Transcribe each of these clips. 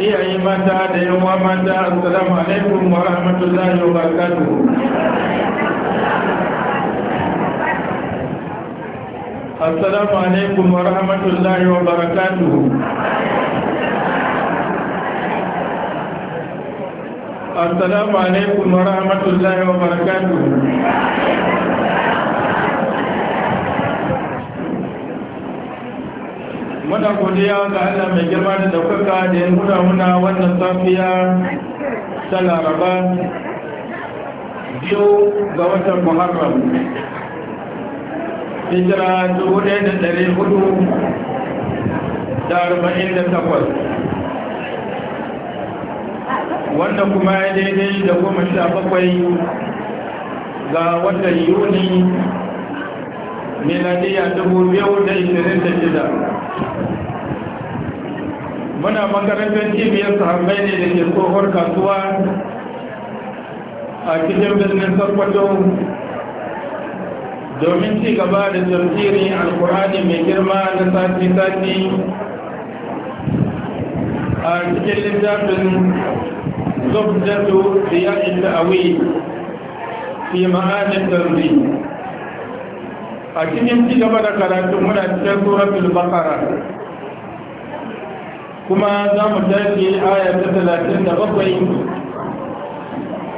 Iya iyaye mata da yawa mata assalamu alaikum wa rahmatullahi wa barakatuhu assalamu alaikum wa rahmatullahi wa barakatuhu assalamu alaikum wa rahmatullahi wa barakatuhu muna godiya ga Allah mai girma da daukaka da ya nuna muna wannan safiya ta laraba biyu ga watan muharram hijira dubu ɗaya da ɗari hudu da arba'in da takwas wanda kuma ya daidai da goma sha bakwai ga watan yuni miladiya shida. muna makarantar cibiyar sahabbai ne da ke tsohon kasuwa a cikin birnin sarkwato domin ci gaba da tafsirin alkurani mai girma na sati-sati a cikin littafin ya riya a awi fi ma'anin tarbi a cikin ci gaba da karatu muna cikin suratul baqara kuma za mu tashi aya ta talatin da bakwai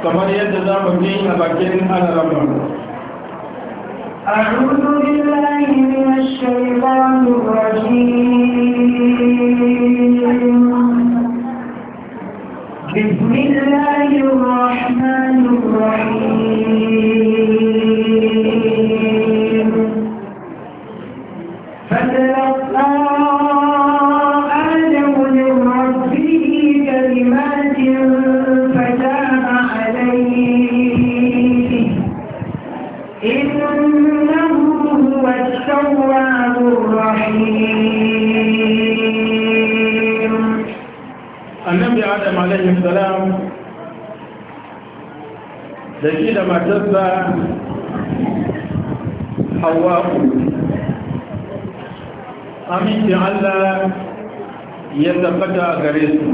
kamar yadda za mu ji a bakin alarama أعوذ بالله من الشيطان الرجيم بسم الله الرحمن الرحيم da shi da matarsa hawa'u amincin allah ya tabbata gare su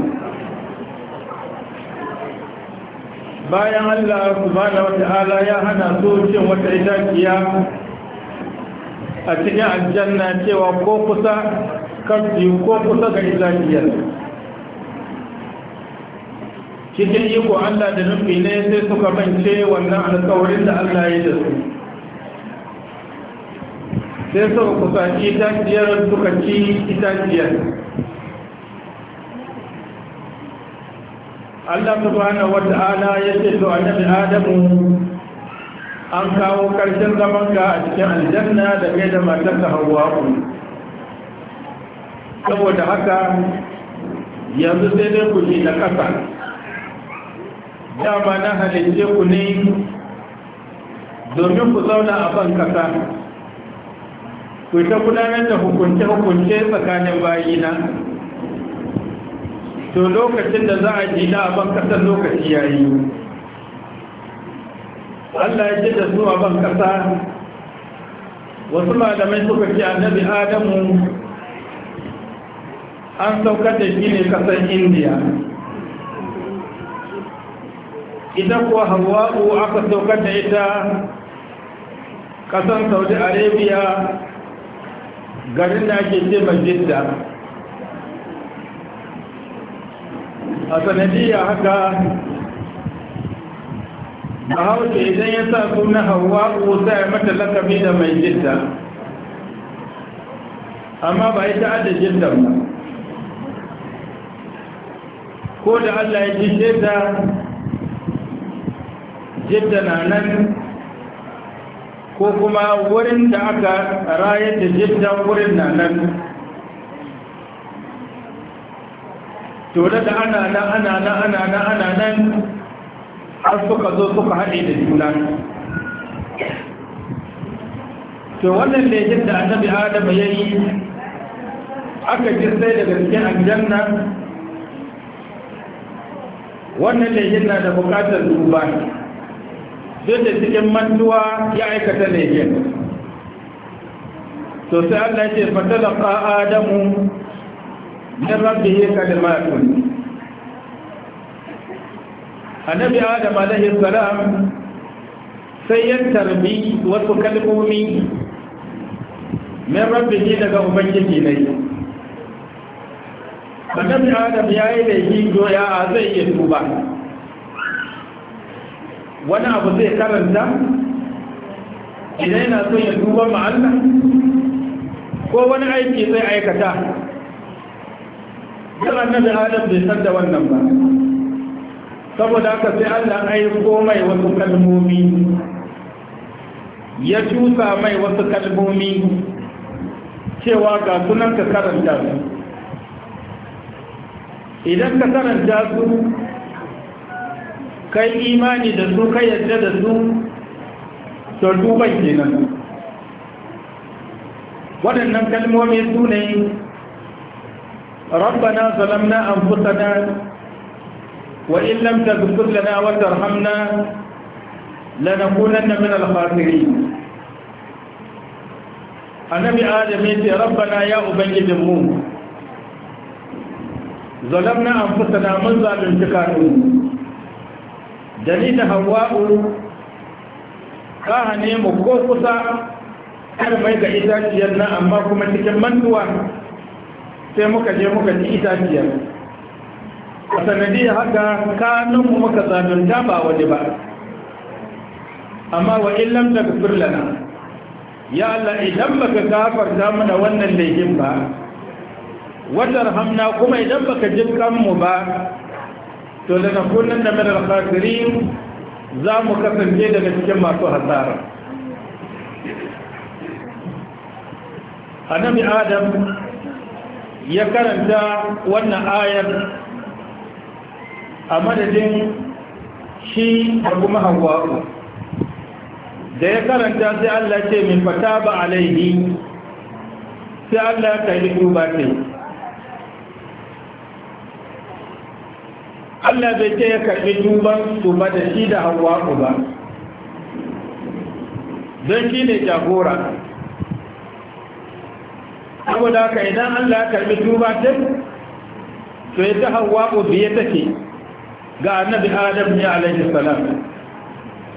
bayan allah subhanahu wata'ala ya hana su cin wata itaciya a cikin aljanna cewa ko kusa kan ko kusa ga itaciyar cikin iko Allah da nufi ne sai suka mance wannan alkawarin da Allah ya da su sai suka kusaci itaciyar suka ci itaciyar Allah subhanahu wata'ala ya ce to annabi Adamu an kawo karshen zaman ka a cikin aljanna da kai da matar matarka ku. saboda haka yanzu sai dai ku ji da kasa ba na halitte ku ne domin ku zauna a ban kasa ku ta gudanar da hukunce-hukunce tsakanin bayina to lokacin da za a ji na ban kasar lokaci ya yi. Allah ya ce da su a ban kasa wasu malamai suka ce annabi adamu an saukar da shi ne kasar indiya ita kuwa hawa'u aka saukar da ita kasan saudi arabia garin da ake ce majidda a sanadiyya haka a hausa idan ya sa suna hawa'u sai mata lakami da mai amma ba ita adda jidda ba ko da allah ya ji jidda jidda na nan ko kuma wurin da aka rayar da jidda wurin na nan to da ana nan ana nan ana nan ana nan har suka zo suka haɗe da juna to wannan ne da annabi adam ya yi aka ji sai daga cikin aljanna wannan ne na da bukatar duba duk da cikin mantuwa ya aikata laifin to sai Allah ce fatalaka adamu min rabbihi kalimatun annabi adam alaihi salam sai ya tarbi wasu kalmomi min rabbihi daga ubangiji ne annabi adam ya yi laifi doya zai iya tuba wani abu zai karanta idan yana son ya duba ma'alla ko wani aiki zai aikata duk annabi adam bai san da wannan ba saboda haka sai Allah aiko mai wasu kalmomi ya cusa mai wasu kalmomi cewa ga sunan ka karanta idan ka karanta su kai imani da su kai yadda da su to tuban kenan waɗannan kalmomi su ne rabbana an anfusana wa in lam taghfir lana wa tarhamna lanakunanna min al-khasirin annabi adam ya ce rabbana ya ubangijin mu an anfusana mun zalunci kanmu da ni da hawa'u ka ne mu ko kusa har mai ga itaciyar nan amma kuma cikin mantuwa sai muka je muka ci itaciyar a sanadiyar haka mu muka zanunta ba wani ba amma wa illam da kafir lana ya Allah idan baka gafarta mana wannan laifin ba hamna kuma idan baka jinkan mu ba to da na kullum da madar khasirin za mu kasance daga cikin masu hasara annabi adam ya karanta wannan ayar a madadin shi da kuma hawa'u da ya karanta sai Allah ce min fata ba alaihi sai Allah ya kai duba sai Allah bai ce ya karɓi duban su ba da shi da hawa ku ba don shi ne jagora saboda haka idan Allah ya karɓi duba ta to ya ta hawa ku biye take ga annabi adam ne alaihi salam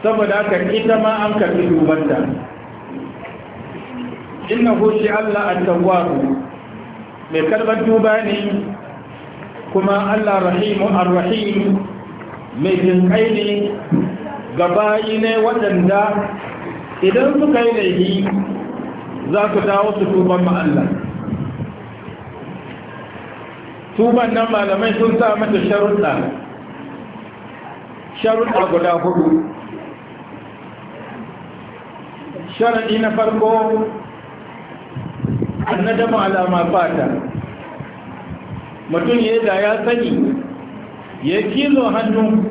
saboda haka ita ma an karɓi ta inna hushi Allah at ku mai karɓar duba ne kuma Allah rahimu ar mai jinkai ne ga bayi ne waɗanda idan suka yi laifi za su dawo su tuban ma Allah tuban nan malamai sun sa mata sharuɗa sharuɗa guda hudu sharaɗi na farko annadamu alama fata mutum ya da ya sani ya kilo hannu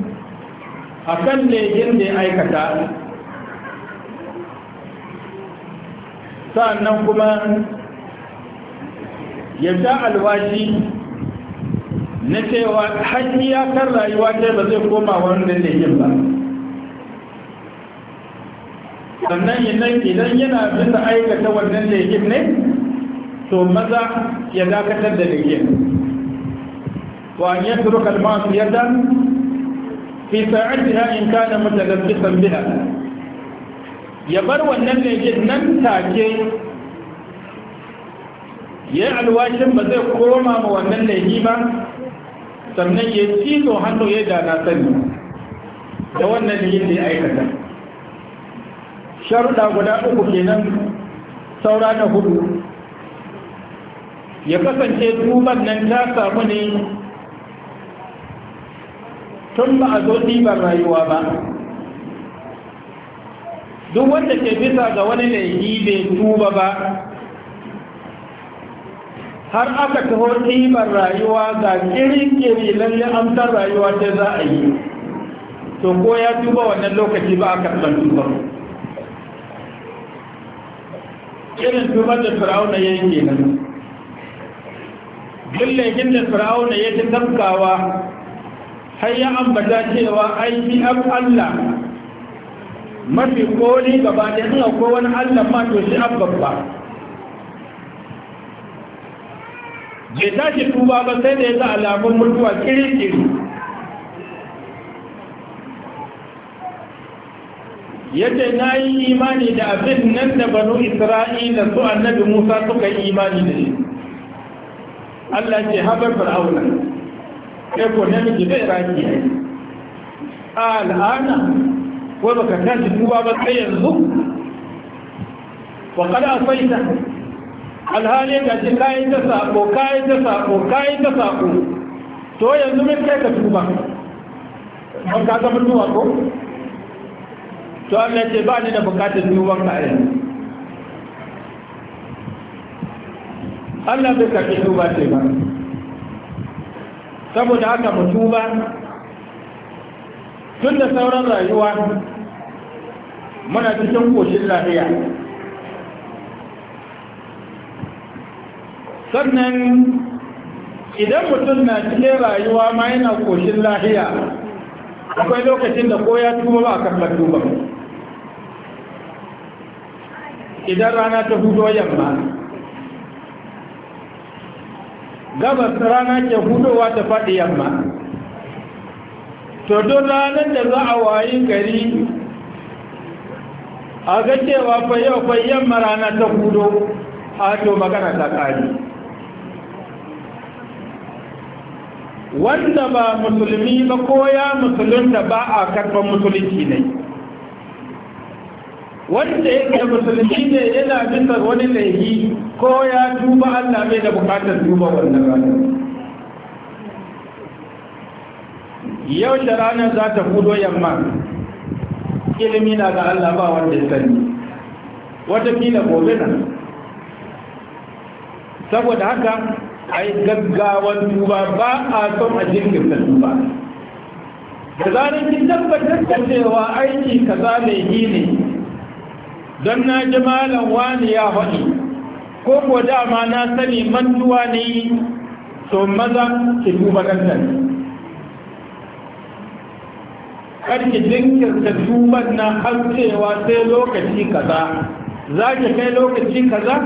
a kan legin da ya aikata sa'annan kuma ya sha alwashi na cewa hanyar kan rayuwa ce ba zai koma wani legin ba sannan idan yana bisa aikata wannan legin ne to maza ya dakatar da lejin وأن يترك المعصية في ساعتها إن كان متلبسا بها يبر wannan ne jin nan take ya alwashin ba zai koma ma wannan ba sannan ya cizo hannu ya dana sani da wannan ne da ya aikata sharuɗa guda uku kenan saura na hudu ya kasance tuban nan ta samu ne tun ba a zo ɗiban rayuwa ba duk wanda ke bisa ga wani laifi bai tuba ba har aka taho ɗiban rayuwa ga kirkiri lalle amsar rayuwa ta za a yi to ko ya tuba wannan lokaci ba a karɓar tuba irin tuba da fir'auna ya yi kenan duk laifin da fir'auna ya ci tafkawa har ya ambata cewa aiki Allah mafi koli gaba da ina ko wani Allah ma to shi ab babba bai tashi tuba ba sai da ya ga alamun mutuwa kiri-kiri. yadda na yi imani da abin nan da banu isra'ila su annabi musa suka yi imani da shi Allah ce haɓar fir'auna kai ko namiji bai raki al'ana ko baka tashi tuba ba sai yanzu wa kada asaita alhali ga shi kayi ta sako kayi ta sako kayi ta sako to yanzu min kai ka tuba ban ka zama tuba ko to Allah ce ba ni da bukatar tuban ka yanzu Allah bai karɓi tuba ce ba saboda haka mu tuba tun da sauran rayuwa muna cikin koshin lafiya sannan idan mutum na cikin rayuwa ma yana koshin lafiya akwai lokacin da ko ya tuba ba a karɓar tuba idan rana ta hudo yamma gabas rana ke hudowa ta faɗi yamma to don ranar da za a wayi gari a ga cewa fa yau fa yamma rana ta hudo a to magana ta kari wanda ba musulmi ba ko ya musulunta ba a karɓar musulunci ne wanda yake musulmi ne yana bisa wani laifi ko ya tuba Allah bai da bukatar tuba wannan ranar yau da ranar za ta hudo yamma ilimi na ga Allah ba wanda ya sani watakila gobe na saboda haka a yi gaggawan tuba ba a son a jirgin tuba da zarar kin tabbatar da cewa aiki kaza mai ne don na ji malam wani ya faɗi ko ko dama na sani mantuwa ne to maza ki duba kankan karki jinkirta duban na har cewa sai lokaci kaza za ki kai lokaci kaza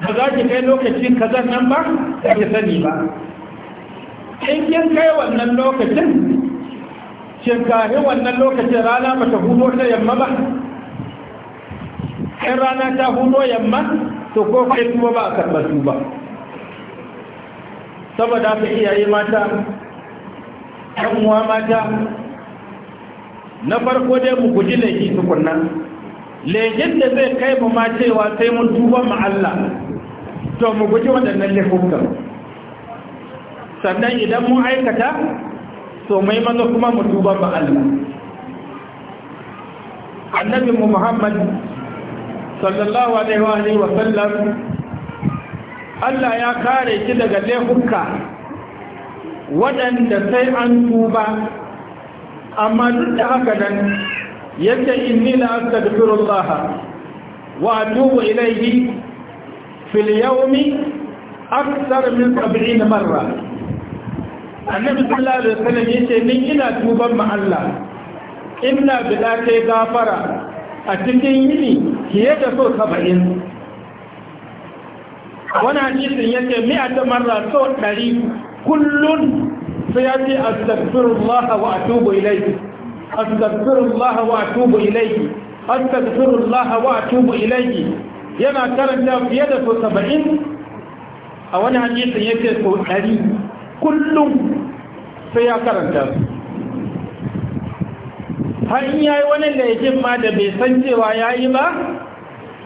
ba za ki kai lokaci kaza nan ba da ki sani ba in kin kai wannan lokacin shin kahi wannan lokacin rana ba ta hudo ta yamma ba in rana ta hudo yamma to ko kai kuma ba a karɓar su ba saboda ka iyaye mata kan uwa mata na farko dai mu guji laifi tukunna laifin da zai kai mu ma cewa sai mun tuba ma Allah to mu guji waɗannan laifukan sannan idan mun aikata to mai maza kuma mu tuba ma Allah annabi mu Muhammad sallallahu alaihi wa sallam Allah ya kare ki daga laifuka waɗanda sai an tuba amma duk da haka nan yake inni la astaghfirullah wa atubu ilayhi fil yawmi akthar min 70 marra annabi sallallahu alaihi wasallam yace ni ina tuban ma Allah ina bila kai gafara a cikin yini fiye da so saba'in wani hadisin ya ce mi'a ta marra so ɗari kullum sai ya ce astagfirullah wa atubu ilaihi astagfirullah wa atubu ilaihi astagfirullah wa atubu ilaihi yana karanta fiye da so saba'in a wani hadisin ya ce so ɗari kullum sai ya karanta su har in yayi wannan da yake ma da bai san cewa yayi ba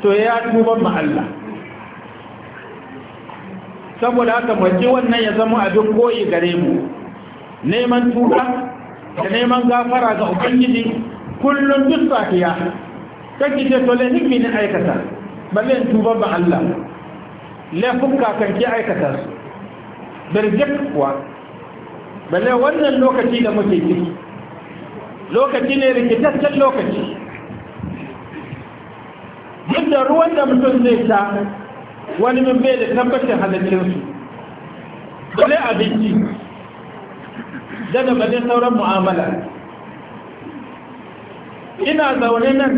to ya tuba ma Allah saboda haka mace wannan ya zama abin koyi gare mu neman tuba da neman gafara ga ubangiji kullum duk safiya kake ce to laifin ne aikata ba balle tuba ba Allah laifuka kan ki aikata su birjik kuwa balle wannan lokaci da muke ciki lokaci ne rikitaccen lokaci duk ruwan da mutum zai sha wani min bai da tabbacin halaccinsu bale abinci daga bane sauran mu'amala ina zaune nan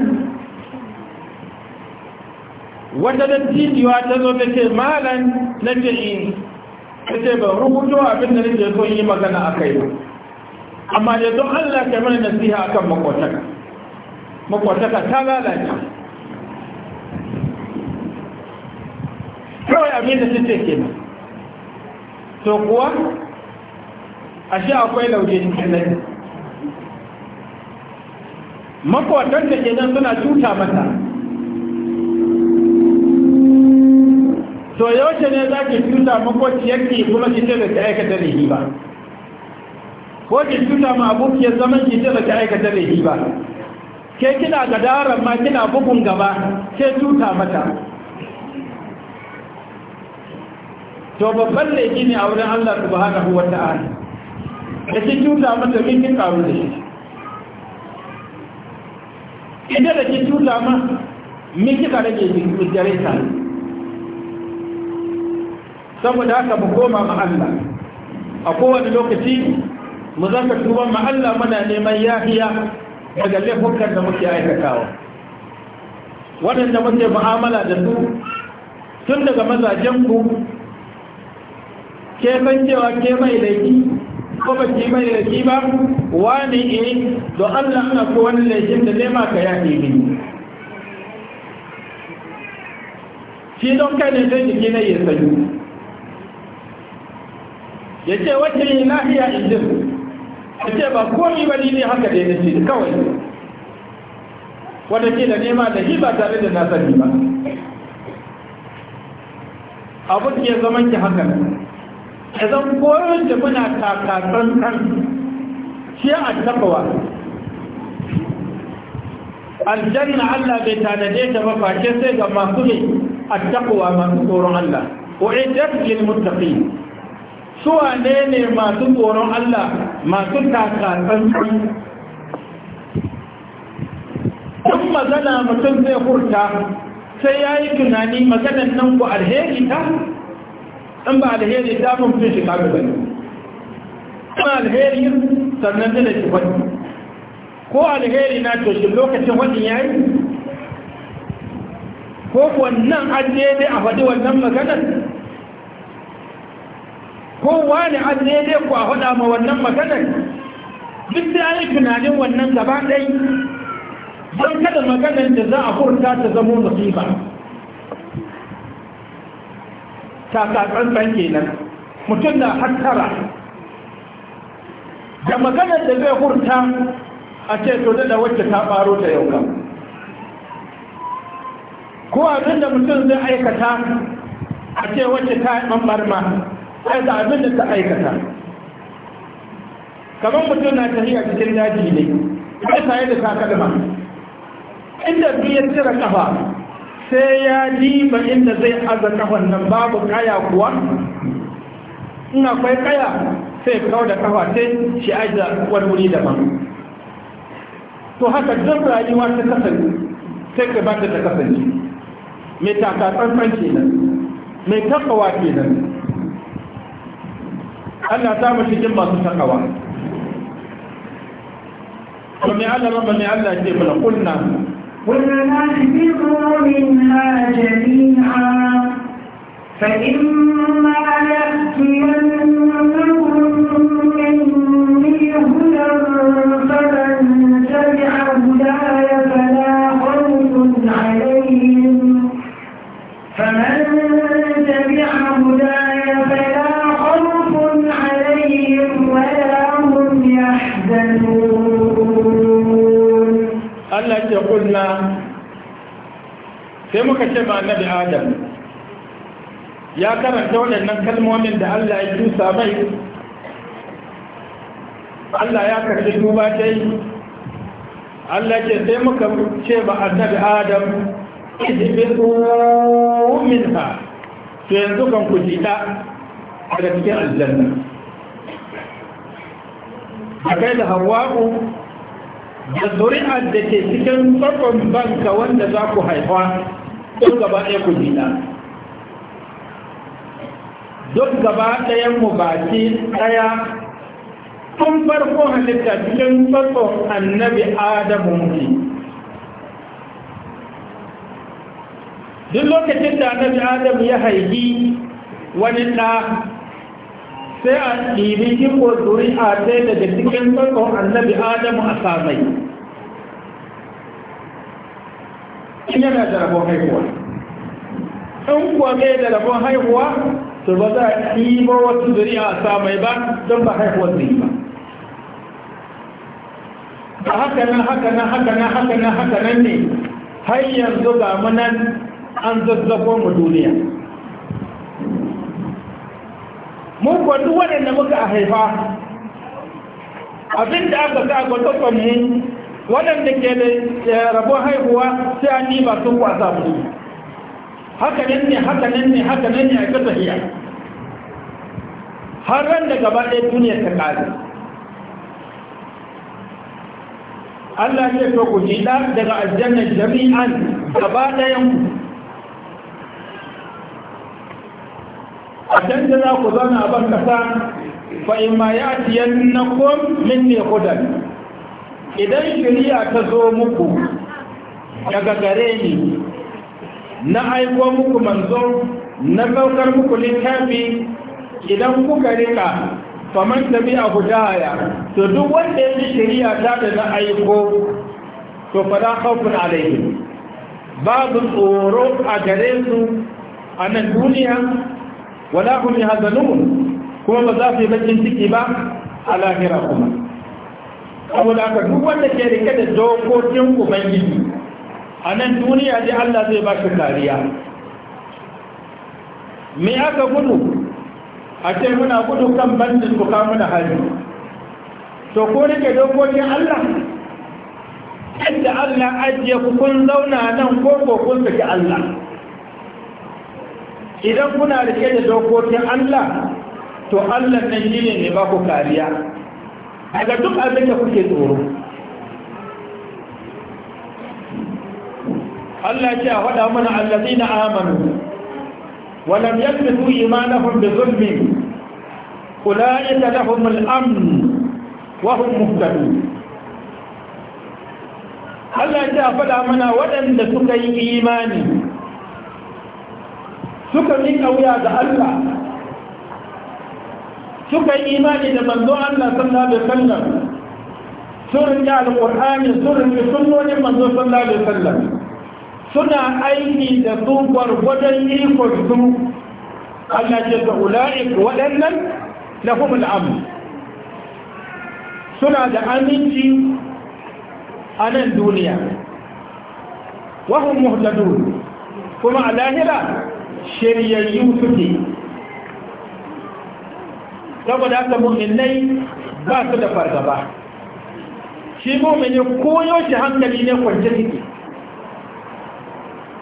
wata dattijuwa ta zo ta ce malan na ce in eh, ta ce ban rubuto abin da nake so yi magana a kai ba amma da don Allah ka mana nasiha akan makwataka makwataka ta lalata kawai abin da suke kenan to kuwa ashe akwai lauje cikin nan makwatan da nan suna cuta mata to ce ne za ki cuta ki kuma ki ce da ta aikata da ba ko ki tuna ma abokiyar zaman ki ta baki aikata da ba ke kina gadaran ma kina bugun gaba ke tuta mata to babban laifi ne a wurin Allah subhanahu wa ta'ala da ki tuta mata min kin karu da shi idan da ki tuta ma min kika rage ki jare ta saboda haka mu koma ma Allah a kowane lokaci mu zaka tuba ma Allah muna neman yahiya daga laifukan da muke aikatawa waɗanda muke mu'amala da su tun daga mazajen ku ke san cewa ke mai laifi ko ba ki mai laifi ba wani eh don Allah ana ko wani laifin da nema ka yahi ne shi don kai ne zai jiki na yi sanyi ya ce wacce lahiya lafiya jinsu A ce ba komi ba ni ne haka da ya ce kawai wanda ke da nema da hiba ba tare da nasari ba abu ke zaman ki haka idan koyon da muna kakatsan kan shi a tabawa aljanna Allah bai tanade ta ba face sai ga masu ne a tabawa masu tsoron Allah wa'iddat lil muttaqin suwa ne ne masu tsoron Allah masu takatsanci kun magana mutum zai hurta sai ya yi tunani maganan nan ku alheri ta in ba alheri ta mun fi shi kaga bane kuma alheri sannan da shi wani ko alheri na toshin lokacin wani ya yi ko wannan an daidai a faɗi wannan maganar kowa ne an daidai ku a faɗa ma wannan maganar duk da yi tunanin wannan gaba ɗai don kada maganar da za a furta ta zamo musiba takatsantsan nan. mutum na hattara da maganar da zai furta a ce to da wacce ta faro ta yau kan ko abin da mutum zai aikata a ce wacce ta yi ɓanɓarma da abin da ta aikata kamar mutum na tafiya cikin daji ne ba tare da takalma inda ya cire kafa sai ya diba inda zai aza kafan nan babu kaya kuwa ina akwai kaya sai kawo da kafa sai shi aza wani wuri ba. to haka duk rayuwa ta kasance sai ka bata ta kasance mai takatsantsan kenan mai ke kenan Allah ta mu cikin masu takawa to me Allah ba me Allah ce mana kunna kunna nahbiru minha jami'a fa imma ya'tiyanna sai muka ce ma annabi adam ya karanta waɗannan kalmomin da Allah ya dusa mai Allah ya karshe duba ta yi Allah ce sai muka ce ma annabi adam ihibitu ha to yanzu kan ku jita daga cikin aljanna kai da hawa'u da zuri'ar da ke cikin tsakon banka wanda za ku haifa don gaba ɗaya ku jina duk gaba ɗayan mu ce ɗaya tun farko halitta cikin farko annabi adamu ne duk lokacin da annabi adamu ya haifi wani ɗa sai a ɗibi zuri a sai daga cikin farko annabi adamu a samai yana da rabon haihuwa ɗan kuwa bai da rabon haihuwa to ba za a ɗiba wasu zuriya a samai ba don ba haihuwar zai ba a haka nan haka nan haka nan haka nan haka nan ne har yanzu ga an zazzabon mu duniya mun kwanu waɗanda muka haifa abinda aka sa gwatsafanmu waɗanda ke da eh, rabon haihuwa sai an yi masu kwasa mu haka nan ne haka nan ne haka nan ne a ƙasa iya har ran da gaba ɗaya duniya ta ƙare Allah ya to ku jida daga aljanna jami'an gaba ɗayan ku a can za ku zauna a ban kasa fa ma ya tiyan na kom min ne kudan idan shirya ta zo muku daga gare ni na aiko muku manzo na saukar muku littafi idan kuka rika faman tabi a hudaya to duk wanda ya ji shirya ta da na aiko to fada haukun alaihi babu tsoro a gare su a nan duniya wala ya yahzanun kuma ba za su yi bakin ciki ba a lahira kuma saboda haka duk wanda ke rike da dokokin ubangiji a nan duniya dai Allah zai ba shi kariya me aka gudu a ce muna gudu kan bandin ku kawo da hari to ko rike dokokin Allah yadda Allah ajiye ku kun zauna nan ko ko kun saki Allah idan kuna rike da dokokin Allah to Allah nan shine ne ba ku kariya daga duk abin da kuke tsoro Allah ce a faɗa mana allazi na amanu walam yadda imanahum bi zulmi ulaika lahum al-amn wa hum muhtadun Allah ya faɗa mana waɗanda suka yi imani suka miƙa wuya ga Allah suka yi imani da manzo Allah sallallahu alaihi wasallam sun ji alqur'ani sun ji sunnonin manzo sallallahu alaihi wasallam suna aiki da su gwargwadon ikon su Allah ce ta ula'ik waɗannan lahum al'amr suna da aminci a nan duniya wahum muhtadun kuma a lahira shiryayyu suke saboda haka mu'minai ba su da fargaba shi mu'mini koyo shi hankali ne kwance ciki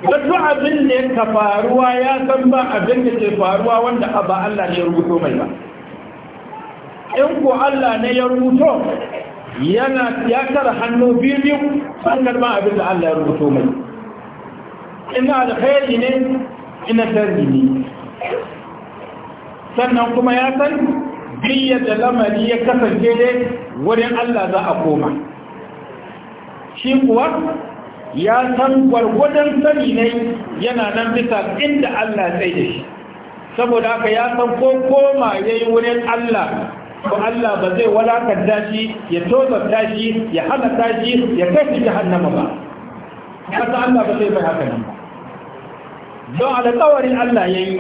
wasu abin da ka faruwa ya san ba abin da ke faruwa wanda ba Allah ne ya rubuto mai ba in ko Allah ne ya rubuto yana ya tara hannu biyu biyu an karɓa abin da Allah ya rubuto mai ina alkhairi ne ina sharri ne sannan kuma ya san duk yadda lamari ya kasance dai wurin Allah za a koma shi kuwa ya san gwargwadon sani ne yana nan bisa inda Allah sai da shi saboda haka ya san ko koma ya yi wurin Allah ko Allah ba zai walakanta shi ya tozarta shi ya hana shi ya kai shi jahannama ba Ya san Allah ba zai mai haka nan ba don alƙawarin Allah ya yi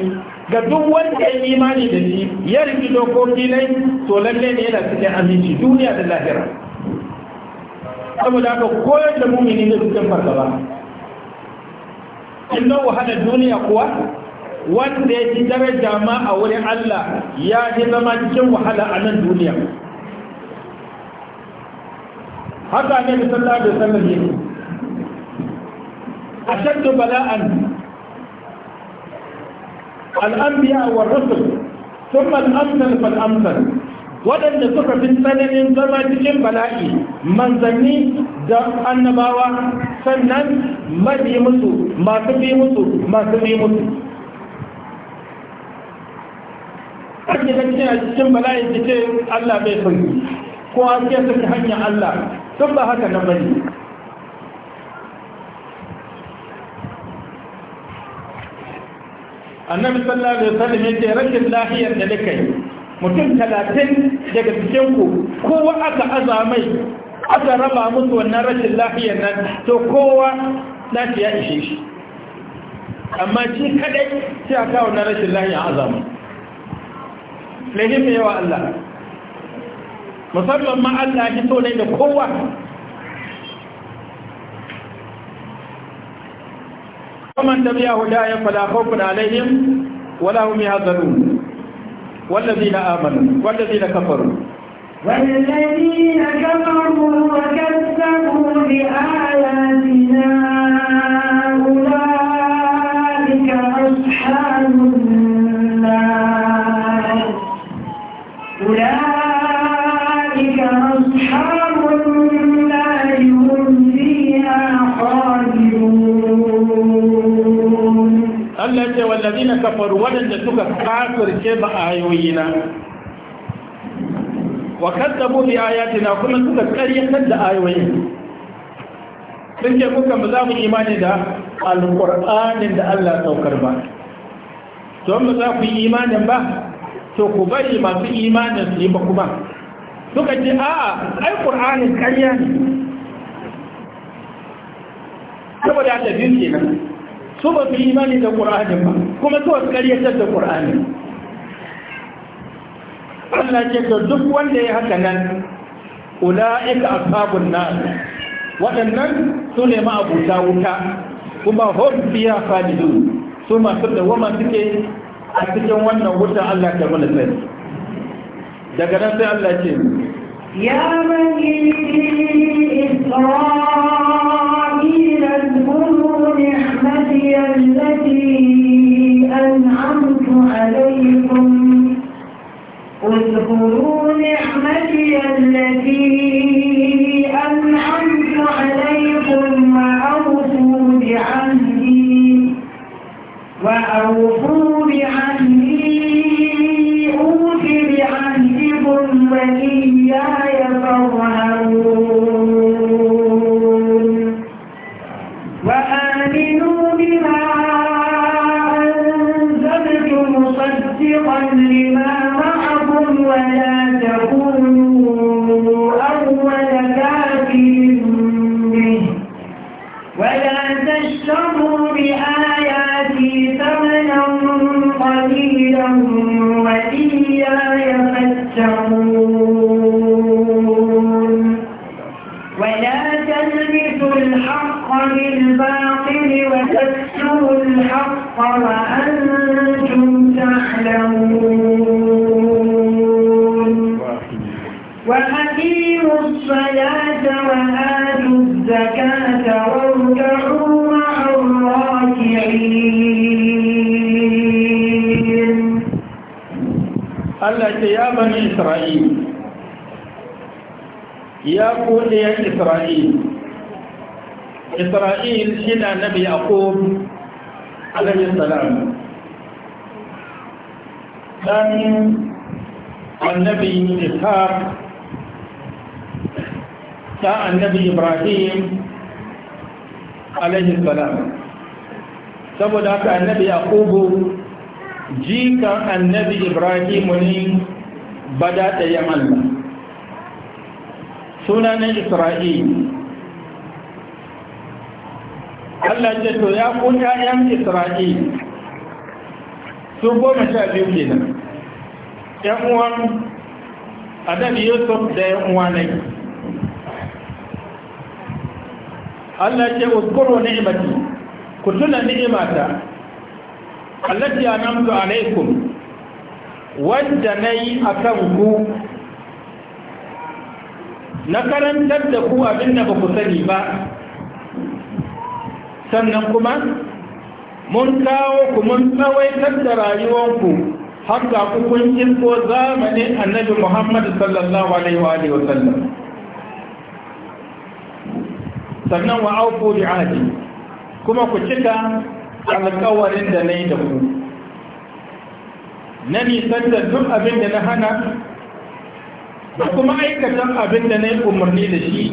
ga duk wanda ya imani da shi ya riki dokoki ne to lalle ne yana cikin aminci duniya da lahira saboda haka koyar da mumini ne cikin fargaba in nan wahalar duniya kuwa wanda ya ci daraja ma a wurin Allah ya ji zama cikin wahala a nan duniya haka ne da sallar da sallar yake ashaddu bala'an al'ambiya wa rasul sun mal'amsar fal'amsar waɗanda suka fi tsananin zama cikin bala'i manzanni da annabawa sannan mabi musu masu bi masu bi musu ake da cikin a cikin bala'i ce Allah bai son ko an ke suka hanyar Allah sun ba haka na bane annabi sallallahu alaihi wasallam yake rashin lafiyar da nake mutum talatin daga cikin ku kowa aka azamai aka raba musu wannan rashin lafiyar nan to kowa lafiya ishe shi amma shi kadai sai aka wannan rashin lafiyar azamai lahin yawa Allah musamman ma Allah ya so ne da kowa ومن تبع هدايا فلا خوف عليهم ولا هم يحزنون والذين آمنوا والذين كفروا والذين كفروا وكذبوا بآياتنا أولئك أصحاب Allah ce wallazi na kafaru waɗanda suka kafirce ba ayoyina wa kaddabu bi ayatina kuma suka karyatar da ayoyi sun ce kuka ba za mu imani da alƙur'anin da Allah saukar ba don ba za ku yi imanin ba to ku bari masu imanin su yi ba kuma suka ce a'a ai ƙur'anin karya ne saboda ta biyu kenan Suba fi imani da qur'ani ba kuma su ƙaryatar da ƙur'ani Allah ce duk wanda ya haka nan ula'ika ashabun nar waɗannan su ne ma abuta wuta kuma hum fiya khalidun su ma da wama suke a cikin wannan wuta Allah ta mana sai daga nan sai Allah ce ya bani isra'il واذكروا نعمتي التي وأوفوا بالباطل وتكتموا الحق وأنتم تعلمون وأقيموا الصلاة وآتوا الزكاة واركعوا مع الراكعين الله يا بني إسرائيل يا بني إسرائيل isra'il shi na nabi yaqub alayhi salam dan annabi ishaq ta annabi ibrahim alayhi salam saboda haka annabi yaqubu jikan annabi ibrahim ne bada ɗayan allah sunanin isra'il Allah ce to ya ku ‘yan Isra'il su goma sha biyu nan, ƴan uwan Annabi Yusuf da ƴan uwanai Allah ce uzkuru ni'mati ku tuna ni'imata allati anamtu alaikum wanda nayi akan ku na karantar da ku abin da ba ku sani ba sannan kuma mun kawo ku mun tsawaitar da rayuwanku haka hukuncin ko zamanin annabi muhammad sallallahu alaihi wa alihi wasallam sannan wa auku bi ahdi kuma ku cika alƙawarin da nayi da ku na nisan da duk abin da na hana da kuma aikatan abin da na yi umarni da shi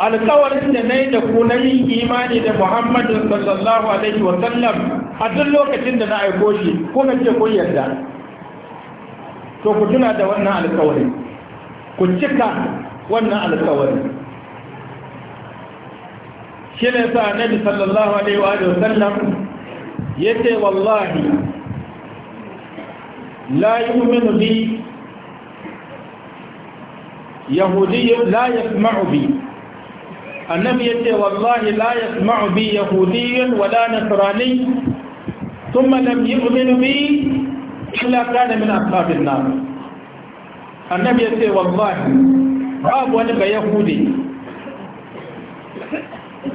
alkawarin da na yi da ku na yin imani da muhammadin sallallahu alaihi wa sallam a duk lokacin da na aiko shi ko na ce kun yarda to ku tuna da wannan alkawarin ku cika wannan alkawarin shi ne sa annabi sallallahu alaihi wa sallam ya ce wallahi la yu'minu bi yahudi la yasma'u bi annabi ya ce wallahi la ya yasma'u bi yahudiyyun wala nasrani thumma lam yu'minu bi illa kana min asabin nar annabi ya ce wallahi babu wani ga yahudi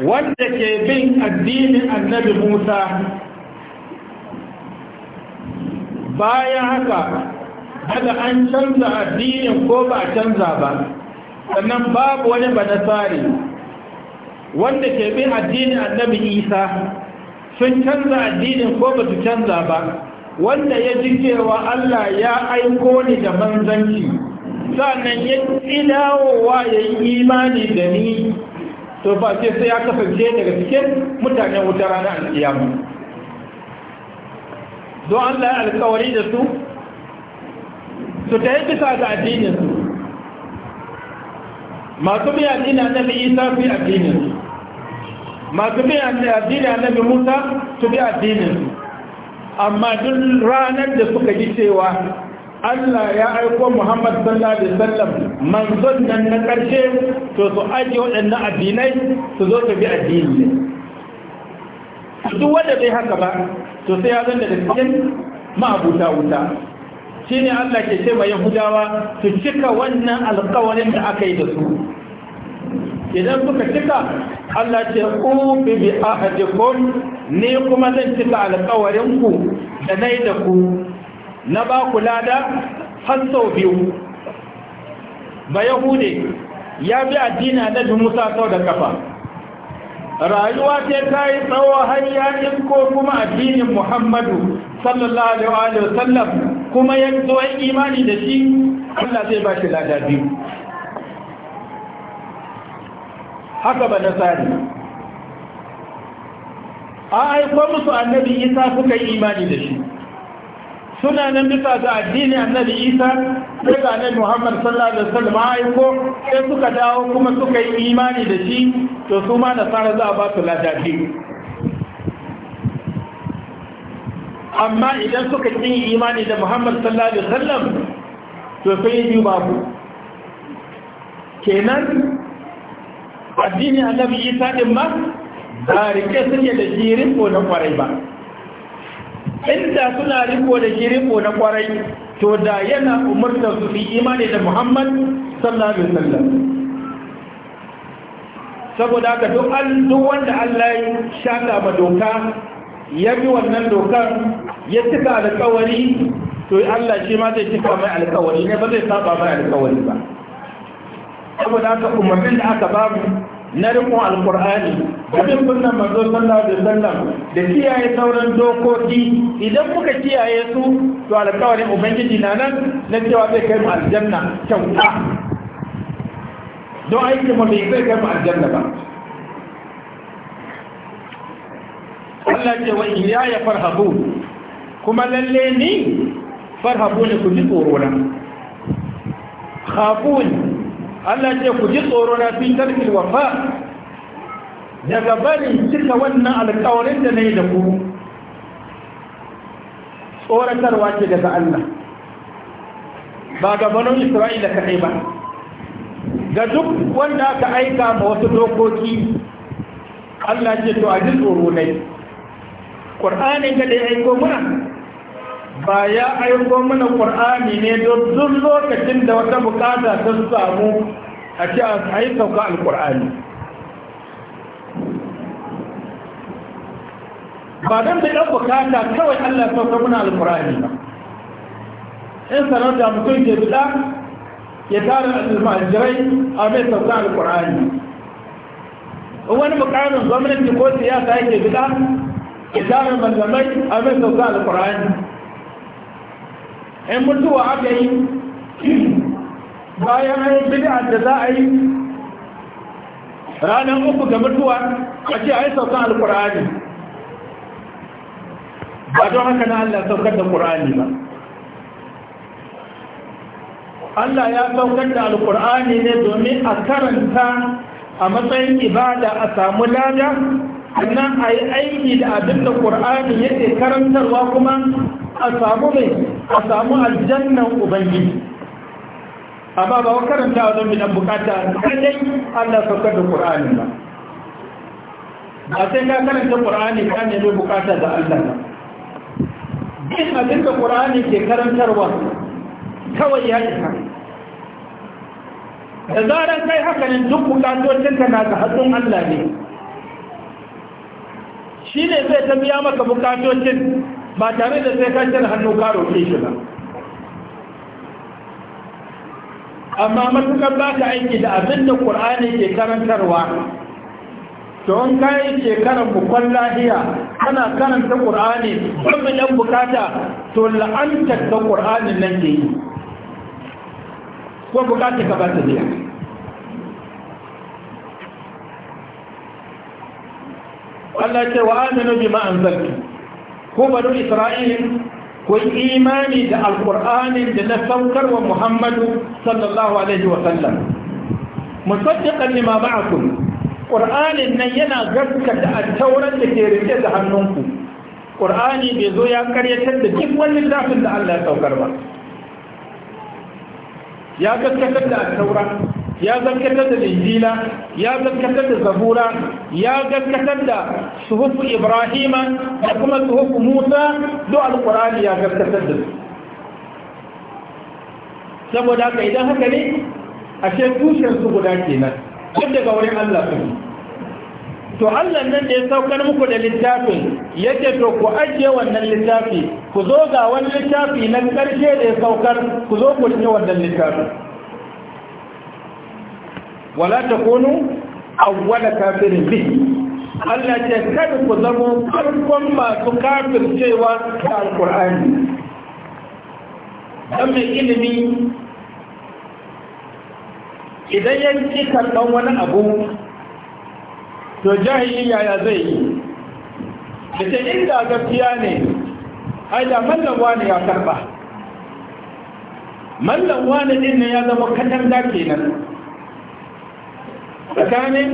wanda ke bin addinin annabi Musa bayan haka daga an canza addinin ko ba a canza ba sannan babu wani ba banasari wanda ke bin addinin annabi isa sun canza addinin ko ba su canza ba wanda ya ji cewa allah ya aiko ni da manzanci sannan ya ƙi dawowa ya yi imani da ni to ba ce sai ya kasance daga cikin mutanen wuta rana alƙiyama don allah ya alƙawari da su su ta yi bisa ga masu biya dina na isa fi addininsu masu bi addini annabi musa su bi su. amma duk ranar da suka yi cewa allah ya aiko muhammad sallallahu alaihi wasallam manzon nan na karshe. to su ajiye waɗannan addinai su zo su bi addini duk wanda bai haka ba to sai ya zan daga cikin ma'abuta wuta shi ne allah ke ce ma yahudawa su cika wannan alkawarin da aka yi da su idan suka cika Allah ce ƙufi bi ahadikum ni kuma zan cika ku da nai da ku na ba ku lada har sau biyu ba yahude ya bi addini annabi Musa sau da kafa rayuwa ce ta yi tsawo har ya ko kuma addinin Muhammadu sallallahu alaihi wa sallam kuma ya zo imani da shi Allah zai ba shi lada biyu haka ba na tsari a aiko musu annabi isa suka yi imani da shi suna nan bisa ga addini annabi isa sai ga annabi muhammad sallallahu alaihi wasallam aiko sai suka dawo kuma suka yi imani da shi to su ma nasara za a ba su ladabi amma idan suka yi imani da muhammad sallallahu alaihi wasallam to sai yi babu kenan addini annabi isa din ma ba rike suke da shi riko na kwarai ba inda suna riko da shi riko na kwarai to da yana umarta su fi imani da muhammad sallallahu alaihi wasallam saboda haka duk an duk wanda Allah ya shaka ma doka ya bi wannan dokar ya cika alƙawari to Allah shi ma zai cika mai alƙawari ne ba zai saba mai alƙawari ba saboda haka umarnin da aka bamu na rikon alkur'ani da bin kunna manzo sallallahu alaihi wasallam da kiyaye sauran dokoki idan muka kiyaye su to alƙawarin ubangiji na nan na cewa zai kai mu aljanna kyauta don aiki mu bai zai kai mu aljanna ba Allah ce wa iyaya farhabu kuma lalle ni farhabu ne ku ji tsoro na khafuni Allah ce ku ji tsoro na fi tarkil wafa daga bari cika wannan alƙawarin da na yi da ku tsoratarwa ce daga Allah ba ga banon Isra'ila kaɗai ba ga duk wanda aka aika ma wasu dokoki Allah ce to a ji tsoro ne Ƙur'anin da ya aiko muna ba ya aiko mana ƙur'ani ne don duk lokacin da wata bukata ta samu a ce a yi sauka alƙur'ani ba don da ɗan bukata kawai allah sauka muna alƙur'ani ba in sanar da mutum ke bida ya tara almajirai a mai sauka alƙur'ani wani bukatar gwamnati ko siyasa yake bida ya tara malamai a mai sauka alƙur'ani Yan mutuwa aka yi bayan an yi bid'a da za a yi ranar uku ga mutuwa a ce a yi saukan alkur'ani ba don haka na Allah saukar da ƙur'ani ba Allah ya saukar da alkur'ani ne domin a karanta a matsayin ibada a samu lada sannan a yi aiki da abin da ƙur'ani yake karantarwa kuma a samu mai a samu aljannan ubangiji amma ba karanta a zan bidan bukata kadai allah saukar da ƙur'ani ba ba sai ka karanta ƙur'ani ka nemi bukata da allah ba bin abin da ƙur'ani ke karantarwa kawai ya isa da zaran kai hakanin duk bukatocinka na ga hatsun allah ne shi ne zai ta biya maka bukatocin ba tare da sai kashin hannu karo ke shi ba amma matukar za ka aiki da abin da ƙur'ani ke karantarwa to yi kayan shekarar bukwan lahiya kana karanta ƙur'ani wani ɗan bukata to la'antar da ƙur'anin nan ke yi ko bukata ka ba ta biya Allah ce wa aminu bima anzaltu ko banu isra'il ku imani da Alƙur'ani da na saukar wa muhammadu sallallahu alaihi wa sallam musaddiqan lima ma'akum qur'anin nan yana gaskata da taurat da ke rike da hannunku qur'ani bai zo ya karyatar da duk wani littafin da Allah ya saukar ba ya gaskatar da at ya gaskatar da injila ya gaskatar da zabura ya gaskatar da suhufu ibrahima da kuma suhufu musa do alkurani ya gaskatar da su saboda haka idan haka ne kushen tushensu guda kenan duk daga wurin allah su to Allah nan da ya saukar muku da littafin yake to ku ajiye wannan littafi ku zo ga wani littafi na ƙarshe da ya saukar ku zo ku rike wannan littafi wala takunu awwala kafirin bi. Allah ce kada ku zama farkon masu kafircewa da alkur'ani dan mai ilimi idan yanki karɓar wani abu to jahili yaya zai yi da ta inda gaskiya ne haida mallawa ne ya karɓa mallawa ne ɗin ya zama katanga kenan tsakanin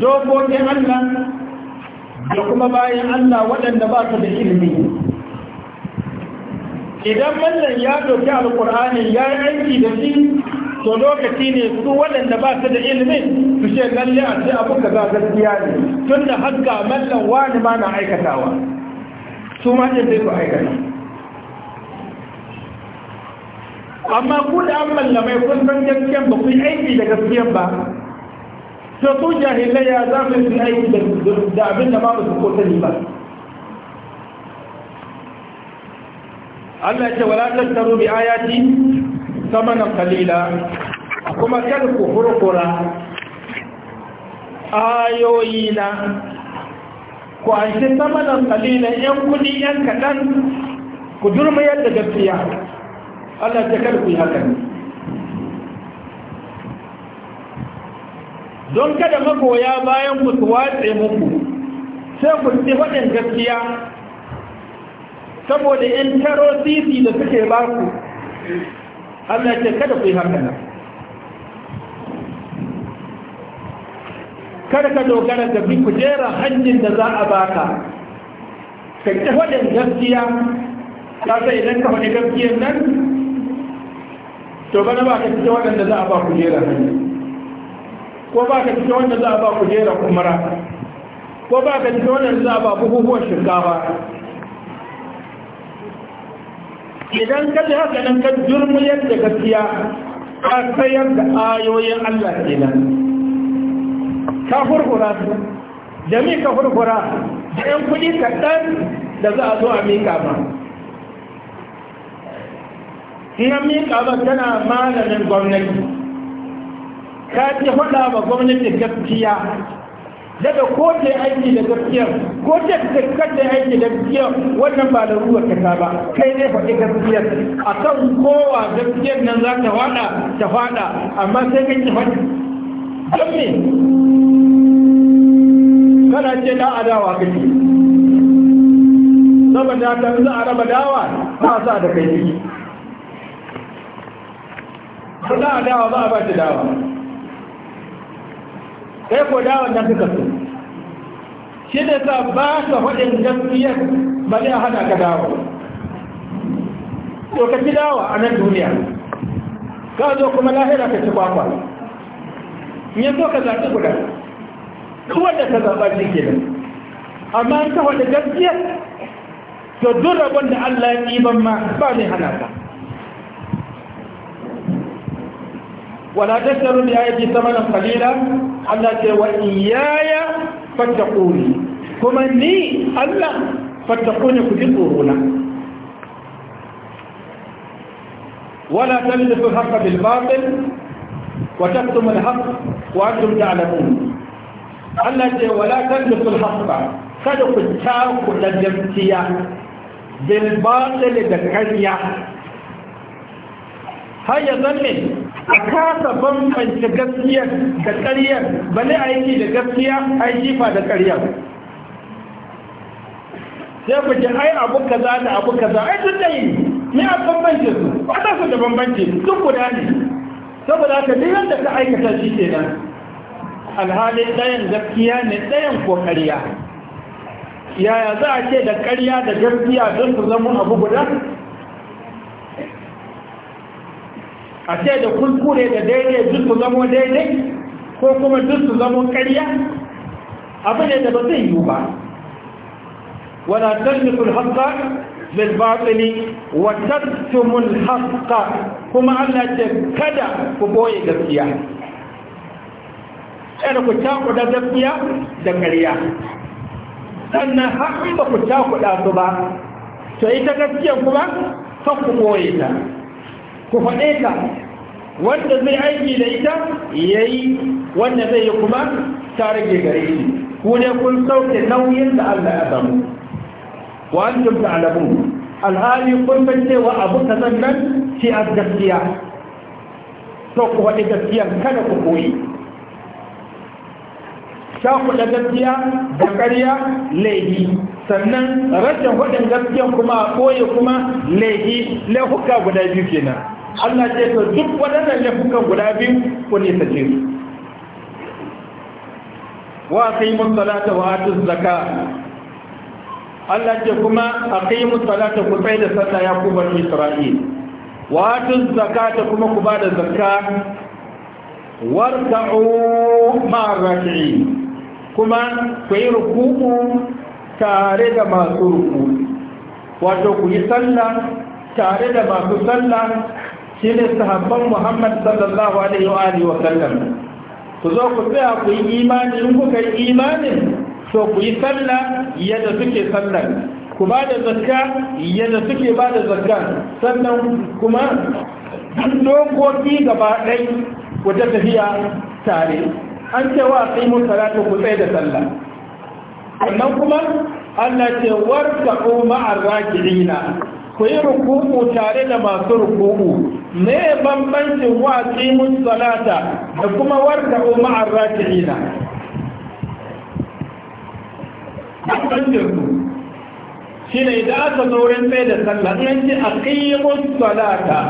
dokokin Allah da kuma bayan Allah waɗanda ba su da ilimi idan mallan ya doki alƙur'ani ya yi aiki da shi to lokaci ne su waɗanda ba su da ilimi su ce lalle a ce abu kaza gaskiya ne tun da haka mallan wani ma na aikatawa su ma ce sai su aikata amma ku da an mallamai kun san gaskiyan ba ku yi aiki da gaskiyan ba to su jahilaya za mu yi aiki da abin da ba su ko ba Allah ce wala tattaru bi ayati samana qalila kuma kada ku hurkura ayoyina ku aiki samanan kalila yan kudi yan kadan, ku durmayar da gaskiya Allah ta kar ku yi hakan don kada makoya bayan ku su watse muku sai ku ci faɗin gaskiya saboda ‘yan taro sisi da suke ba ku Allah ce kada ku yi haka kada ka dogara ga bi ku jera hanyar da za a baka ka ci faɗin gaskiya ta sai idan ka wani gaskiyar nan to bana ba ka ci waɗanda za a ba jera hanyar ko ba ka cikin wanda za a ba ku jera kumara ko ba ka cikin wanda za a ba buhuhuwar shinkafa idan ka ji haka nan ka durmu yadda gaskiya ka sayar da ayoyin Allah nan ka furfura su mi ka furfura da yan kuɗi kaɗan da za a zo a miƙa ba in an miƙa ba tana malamin gwamnati ka ce faɗa ma gwamnati gaskiya daga ko ta aiki da gaskiya ko ta kakar da aiki da gaskiya wannan ba da ruwa ta ba kai ne faɗi gaskiya a kan kowa gaskiyar nan za ta faɗa ta fada amma sai ka ki faɗi don me kana ce na adawa kake saboda ta za a raba dawa ba sa da kai ba za a dawa ba a ba ta dawa kai ko da wannan suka so shi da sa ba ka faɗin gaskiyar ba zai hana ka dawo to ka ci dawa a nan duniya ka zo kuma lahira ka ci kwakwa in ya so ka zaɓi guda kawai da ka zaɓa shi ke nan amma ka faɗi gaskiyar to duk rabon da Allah ya ɗiban ma ba zai hana ka ولا تسألوا بآياتي ثمنا قليلا على وإياي فاتقوني كما ني الله فاتقوني كتب هنا ولا تلبسوا الحق بالباطل وتكتم الحق وأنتم تعلمون الله ولا تلبسوا الحق كتب التاو كتب بالباطل بالكنيا har ya zanne a kasa bambance gaskiya da ba ne aiki da gaskiya a jifa da ƙarya sai ku ji ai abu kaza da abu kaza ai duk yi ne a bambance su ba ta su da bambanci duk guda ne saboda ka duk yadda ka aikata shi nan alhalin ɗayan gaskiya ne ɗayan ko ƙarya yaya za a ce da ƙarya da gaskiya don su zama abu guda a ce da kuskure da daidai duk su zamo daidai ko kuma duk su zamo ƙarya abu ne da ba zai yiwu ba wala tanmisul haqqa bil batili wa tattumul haqqa kuma Allah ce kada ku boye gaskiya kada ku takuda gaskiya da ƙarya sannan har ba ku takuda su ba to ita gaskiya kuma kan ku boye ta ku faɗe ka wanda zai aiki da ita ya yi wanda zai yi kuma ta rage gare shi ku ne kun sauke nauyin da Allah ya samu wa an jumta alamu alhali kun san cewa abu ka nan shi a gaskiya to ku faɗi gaskiya kada ku koyi sha kuɗa gaskiya da ƙarya laifi sannan rashin faɗin gaskiya kuma a ɓoye kuma laifi laifuka guda biyu kenan Allah ce to duk waɗannan laifukan guda biyu ku ta ce su wa aqimu salata wa atu zakka Allah ce kuma aqimu salata ku tsaya da sallah ya ku bar Isra'il wa atu zakata kuma ku bada zakka warka'u ma'ar kuma ku yi rukuku tare da masu ruku wato ku yi sallah tare da masu sallah shi ne sahabban muhammad sallallahu alaihi wa alihi wa sallam ku zo ku tsaya ku yi imani in kuka yi imanin to ku yi sallah yadda suke sallar ku ba da zakka yadda suke ba da zakka sannan kuma dokoki gaba ɗai ku ta tafiya tare an ce wa sai mun salatu ku tsaye da sallah sannan kuma Allah ce warka ma arrakirina ku yi rukuku tare da masu rukuku. ne bambancin wa qimus salata da kuma warka'u ma'ar raki'ina bambancin su shine idan aka zo wurin tsaye da sallah in ji aqimus salata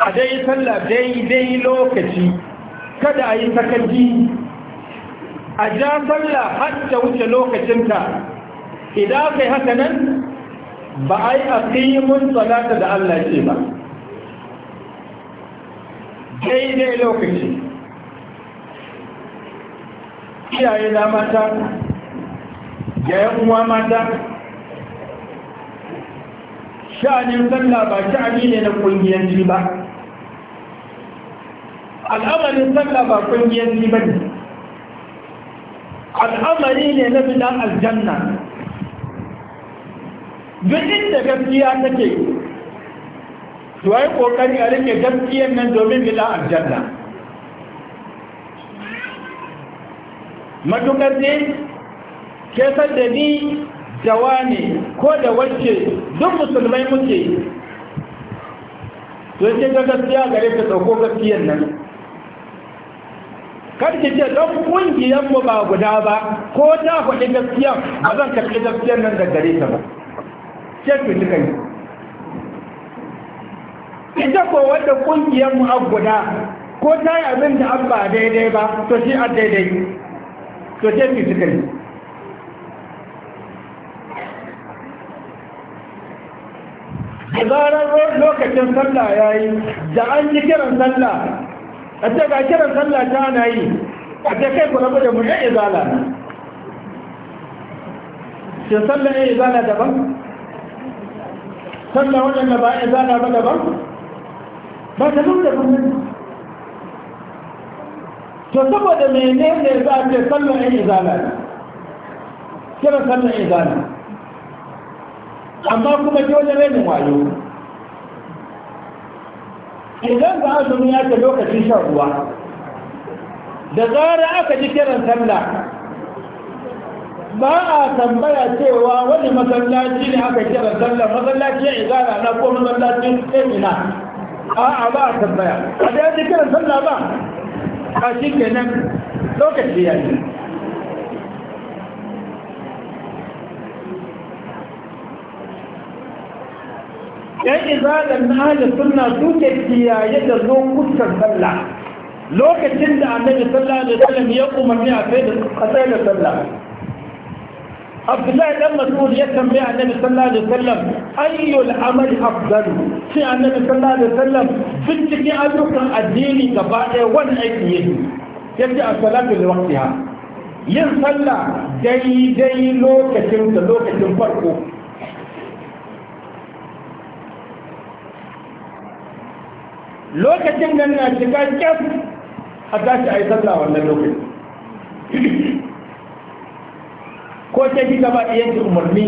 a dai sallah daidai lokaci kada a yi sakaci a ja sallah har ta wuce lokacinta idan aka yi haka nan ba a yi aqimun salata da Allah ce ba daidai lokaci iyaye na mata ga yankuwa uwa mata sha'anin sallah ba sha'ani ne na kungiyanci ba al'amarin sallah ba kungiyanci ba ne al'amari ne na bidan aljanna duk inda gaskiya take to ai kokari a rike gaskiyar nan domin bila aljanna matukar ne ke san da ni dawa ne ko da wacce duk musulmai muke to yake ga gaskiya gare ka dauko gaskiyar nan kar ki ce don kungiyar mu ba guda ba ko ta faɗi gaskiya ba zan karɓi gaskiyar nan da gare ka ba ce to yi ita ko wadda kungiyar mu guda ko ta yi abin da an ba daidai ba to shi a daidai to ce to yi da zarar lokacin sallah ya yi da an ji kiran sallah a ce ga kiran sallah ta na yi a ce kai kura rabu da mu ya izala shi sallah ya izala daban sannan waɗanda ba ba'a zaɗa ba daban ba ta nuna gwamnati to saboda ne za a ce sallar yin izana, ne kira sallar izana. amma kuma ke wajen renin wayo idan za a zumi ya ce lokacin shan ruwa da zara aka ji kiran sallah ba a tambaya cewa wani masallaci ne aka kira sallar masallaci ya izara na ko masallaci ina a'a ba a tambaya a da yaji kiran sallah ba a shi kenan lokaci ya yi yan izalar na hajjar suna suke kiyaye da lokutan sallah lokacin da annabi sallah da sallam ya umarni a tsaye da sallah عبد الله لما تقول يتم بها النبي صلى الله عليه وسلم اي العمل افضل في النبي صلى الله عليه وسلم في بنتك ادرك الدين كفاءه وان اكيد يبدا الصلاه لوقتها ين صلى داي داي لوكتين لوكتين فرقو لوكتين نانا شكاكاك حتى تعيش الله ولا لوكتين ko ta kika ba da ki umarni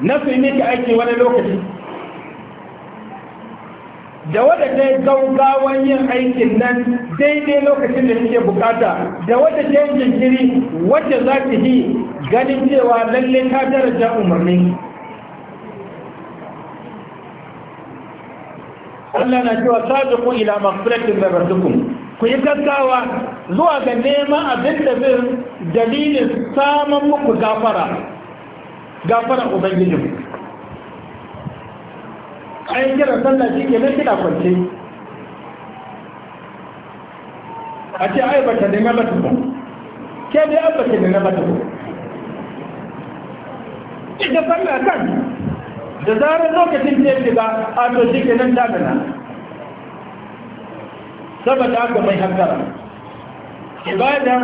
na su yi miki aiki wani lokaci da wadda ta yi gaugawan yin aikin nan daidai lokacin da kike bukata da wadda ta yi jinkiri wadda za ta yi ganin cewa lalle ta daraja umarni Allah na cewa sadiqu ila maghfiratin min rabbikum ku yi gaggawa zuwa ga neman abin da bin dalilin samun muku gafara gafara ubangijin an kira sannan shi ke nan kira kwance a ce ai bata da na bata ba ke dai an bata da na bata ba ita sannan kan da zarar lokacin ce ba a to shi ke nan dagana saboda haka mai hankara ibada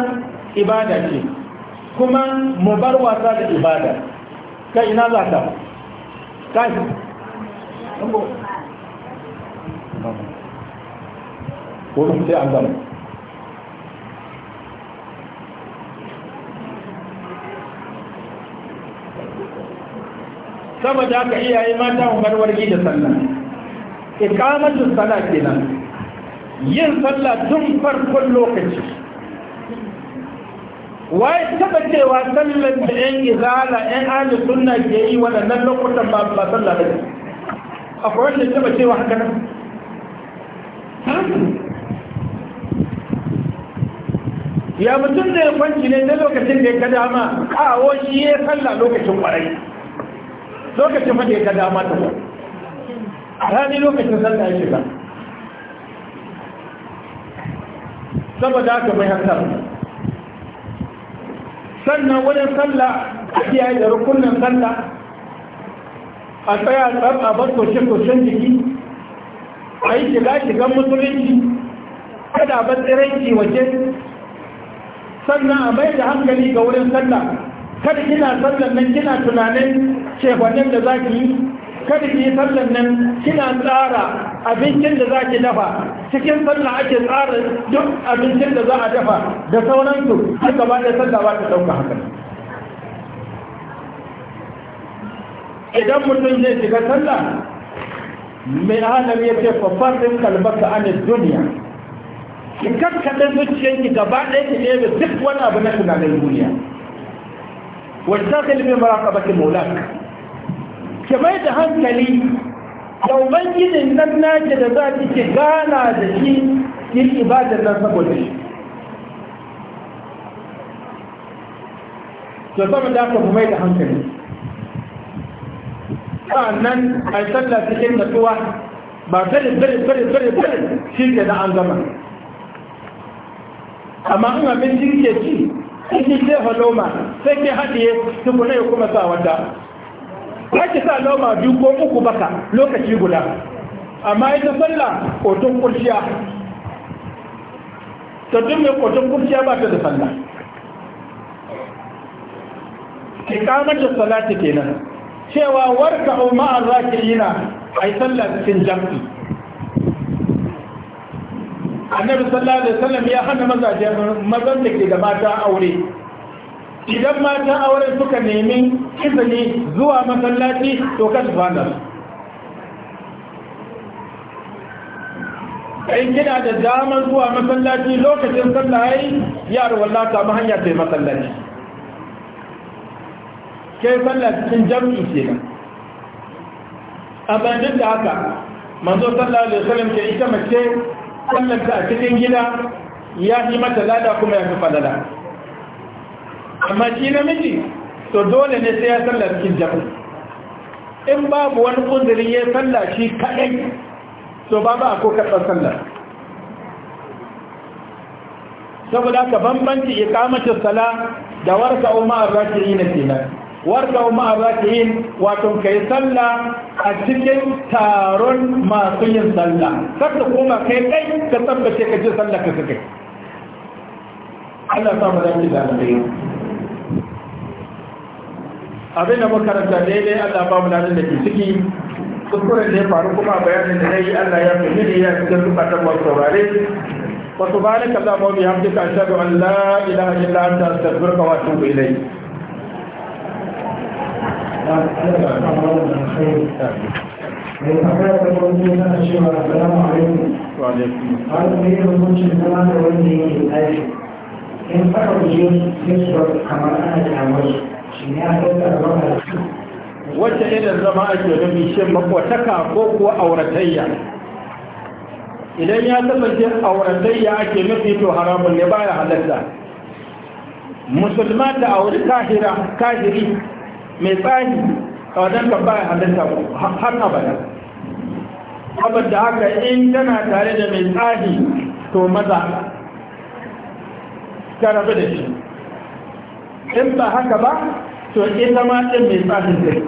ibada ce kuma mu bar wasa da ibada kai ina za ka kai ko kuma sai an gama saboda haka iyaye mata umarwar gida wargi da sallah sallah kenan yin sallah tun farkon lokaci waye taba cewa sallan da yan izala yan ahli sunna ke yi waɗannan lokutan ba ba sallah ba akwai wanda taba cewa haka nan ya mutum da ya kwanci ne na lokacin da ya ga dama kawo shi ya sallah lokacin kwarai lokacin fa da ya ga dama ta a rani lokacin sallah ya shiga saboda haka mai hasar sannan wajen sallah a yi da rukunin sallah a tsaya tsar a bar koshe-koshen jiki a yi shiga shigan musulunci kada a batsiranci waje sannan a mai da hankali ga wurin sallah kada kina sallan nan kina tunanin shekwanin da za ki yi kada ki yi sallan nan kina tsara abincin da za ki dafa cikin sallah ake tsara duk abincin da za a dafa da sauransu har gaba da sallah ba ta ɗauka haka idan mutum zai shiga sallah mai halar ya ce fafasin kalbaka a duniya ki kakkaɗe ki gaba ɗaya ki ɗebe duk wani abu na tunanin duniya wata kalmi mara ki mulaka ki mai da hankali da ubangijin nan naki da za ki gana da shi yin ibadar nan saboda shi to sama da aka mai da hankali nan a yi sallah cikin natsuwa ba tare tare tare tare tare shi ke da an gama amma in abin jirgin ci in ji ce haloma sai ke haɗiye tukuna ya kuma sa wata ba ki sa loma biyu ko uku baka lokaci guda amma ita sallah kotun kurciya ta dun mai kotun kurciya ba ta da sallah ki kamar da salati kenan cewa warka au ma'an a yi sallah cikin jamfi annabi sallallahu alaihi wasallam ya hana mazajen mazan da ke da mata aure idan matan auren suka nemi izini zuwa masallaci to ka su fana in kina da daman zuwa masallaci lokacin sallah yayi yar wallahi ta hanya sai masallaci kai sallah cikin jami'i kenan A bayan da haka manzo sallallahu alaihi wasallam ke ita mace sallar ta cikin gida ya yi mata lada kuma ya fi falala amma shi namiji to dole ne sai ya salla cikin jami'i in babu wani uzurin ya salla shi kaɗai to ba ba a ko karɓar sallah saboda ka bambanci ikamacin sala da warka umar raki'in na kenan warka umar raki'in wato kai sallah a cikin taron masu yin sallah sabta kuma kai kai ka tabbace ka ji sallah ka kai, Allah samu zaki da alƙairi abin da makaranta daidai Allah ba mu da da ke ciki kuskuren da ya faru kuma bayanin da yayi Allah ya fi mini ya fi zan ta wasu saurare wa subhanaka allahumma wa bihamdika ashhadu an la ilaha illa anta astaghfiruka wa atubu ilayk mai da kwanci yana cewa salamu alaikum da wanda in fara kamar ana wacce irin zama ake nufi shi makwataka ko kuwa auratayya idan ya kasance auratayya ake nufi to haramun ne baya halatta musulma da auri kahira kahiri mai tsari a wajen ka baya halatta har abada abinda haka in tana tare da mai tsari to maza ta rabu da shi in ba haka ba to ita ma ɗin mai tsarin kai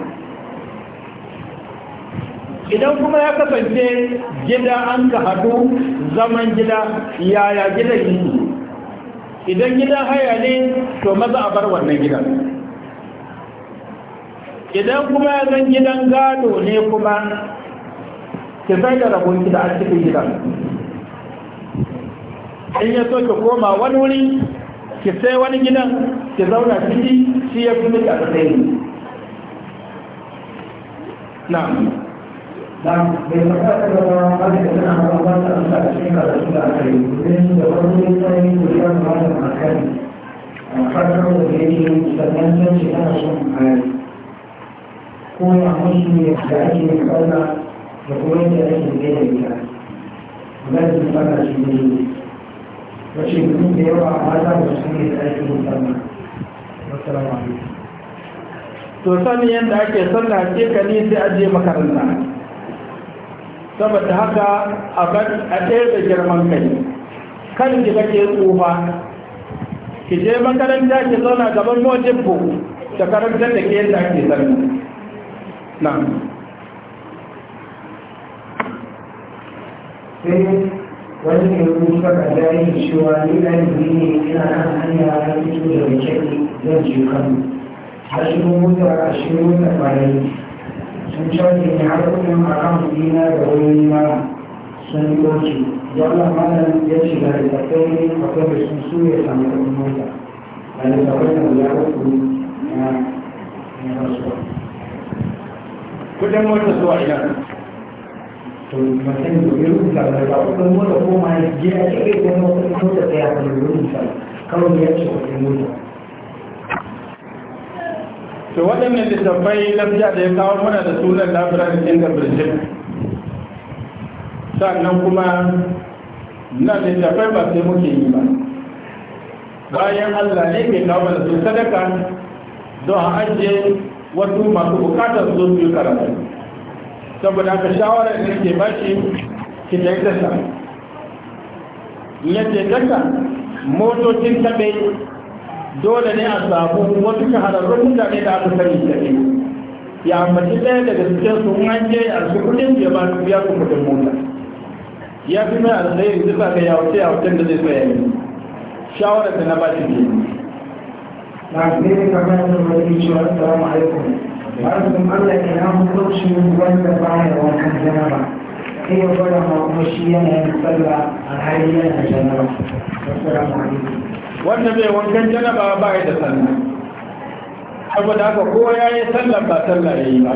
idan kuma ya kasance gida an ka haɗu zaman gida yaya gidan yi idan gidan haya ne to maza a bar wannan gidan idan kuma ya zan gidan gado ne kuma ki sai da rabon gida a cikin gidan in ya so ki koma wani wuri ki sai wani gidan ki zauna ciki shi ya fi miki alkhairi na'am نعم بالمسألة هذه السنة على الله تعالى الشيخ على رسول الله عليه وسلم يقول لي ويقول هذا المكان فكروا به مستمرا في هذا الشيء كون أمشي بأجل الأولى يقول لي أجل بيتك ولازم أنا أجل بيتك wace mutum da yawa a mata ba su ne da ake musamman wasu to sani yadda ake sallah ce ka ne sai aje makaranta saboda haka a ɗaya da girman kai kan ki kake tsufa ki je makaranta ki zauna gaban mojibbo da karantar da ke yadda ake sallah na wani ne rufa a jari cewa ni ɗalibi ne ina kan hanya na fito da rikeki zan je kano a shigo mota a shigo mota bayan sun canza ne har kudin a kan dina da wani ma sun doce wannan malam ya shiga da rikakai ne akwai da sun so ya samu kudin mota a da sabon da ya rufu na rasuwa kudin mota zuwa ina to mutum da ya rubuta da ba ku kan mota ko ma ya je a kai kuma wata mota ta ya kan rubuta kawai ya ce wata mota to waɗannan littattafai lafiya da ya kawo mana da sunan labirar inda birjin sannan kuma na littattafai ba sai muke yi ba bayan allah ne ke kawo mana su sadaka don a ajiye wasu masu bukatar su biyu karatu saboda ka shawara da ke baki ki da dasa ya ce dasa motocin taɓe dole ne a samu wasu shahararrun mutane da aka sani ne ya ambaci ɗaya daga cikin su an je a su kudin ya ba su biya su da mota ya fi mai alkhairi zuba ga yawace wutan da zai tsaye ne shawarar da na ba shi ne. Na fi kamar da wani cewa, tsaron alaikum. Barkun Allah ya na hukuncin wanda baya wankan janaba. Sai ya gwada ma shi yanayin sallah a hali yana jana'a Wanda bai wankan jana'a ba ya da sallah. Saboda haka ko ya yi sallah ba sallah ya yi ba.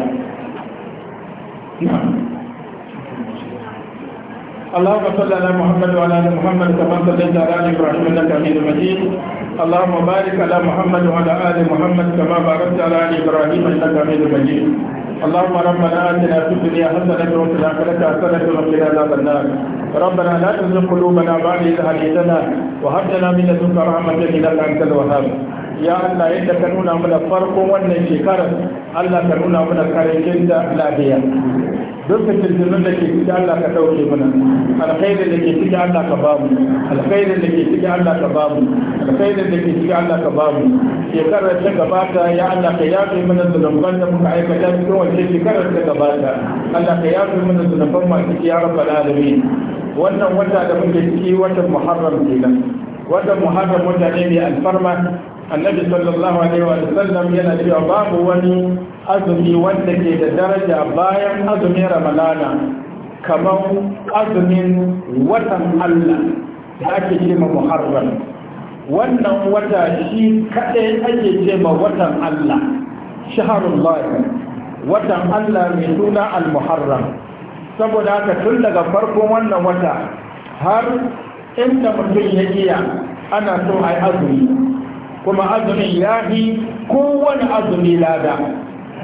اللهم صل على محمد وعلى ال محمد كما صليت على ابراهيم انك حميد مجيد اللهم بارك على محمد وعلى آل محمد كما باركت على آل إبراهيم إنك حميد مجيد اللهم ربنا آتنا في الدنيا حسنة وفي الآخرة حسنة وقنا عذاب النار ربنا لا تزغ قلوبنا بعد إذ هديتنا وهب لنا من لدنك رحمة إنك أنت الوهاب ya Allah yadda ka nuna mana farkon wannan shekarar Allah ka nuna mana karancin da lafiya duk fitintunan da ke cikin Allah ka ɗauke mana alkhairin da ke cikin Allah ka bamu alkhairin da ke cikin Allah ka babu alkhairin da ke cikin Allah ka bamu shekarar ta gabata ya Allah ka yafe mana zunuban da muka aikata cikin wancan shekarar ta gabata Allah ka yafe mana zunuban mu a cikin ya rabbal alamin wannan wata da muke ciki watan Muharram kenan watan Muharram wata ne mai alfarma annabi sallallahu alaihi wa sallam yana cewa babu wani azumi wanda ke da daraja bayan azumin ramadana kamar azumin watan allah da ake ce ma muharram wannan wata shi kaɗai ake ce ma watan allah shaharullah watan allah mai suna al-muharram saboda haka tun daga farkon wannan wata har inda mutum ya iya ana so a yi azumi kuma azumin ya fi kowane azumi lada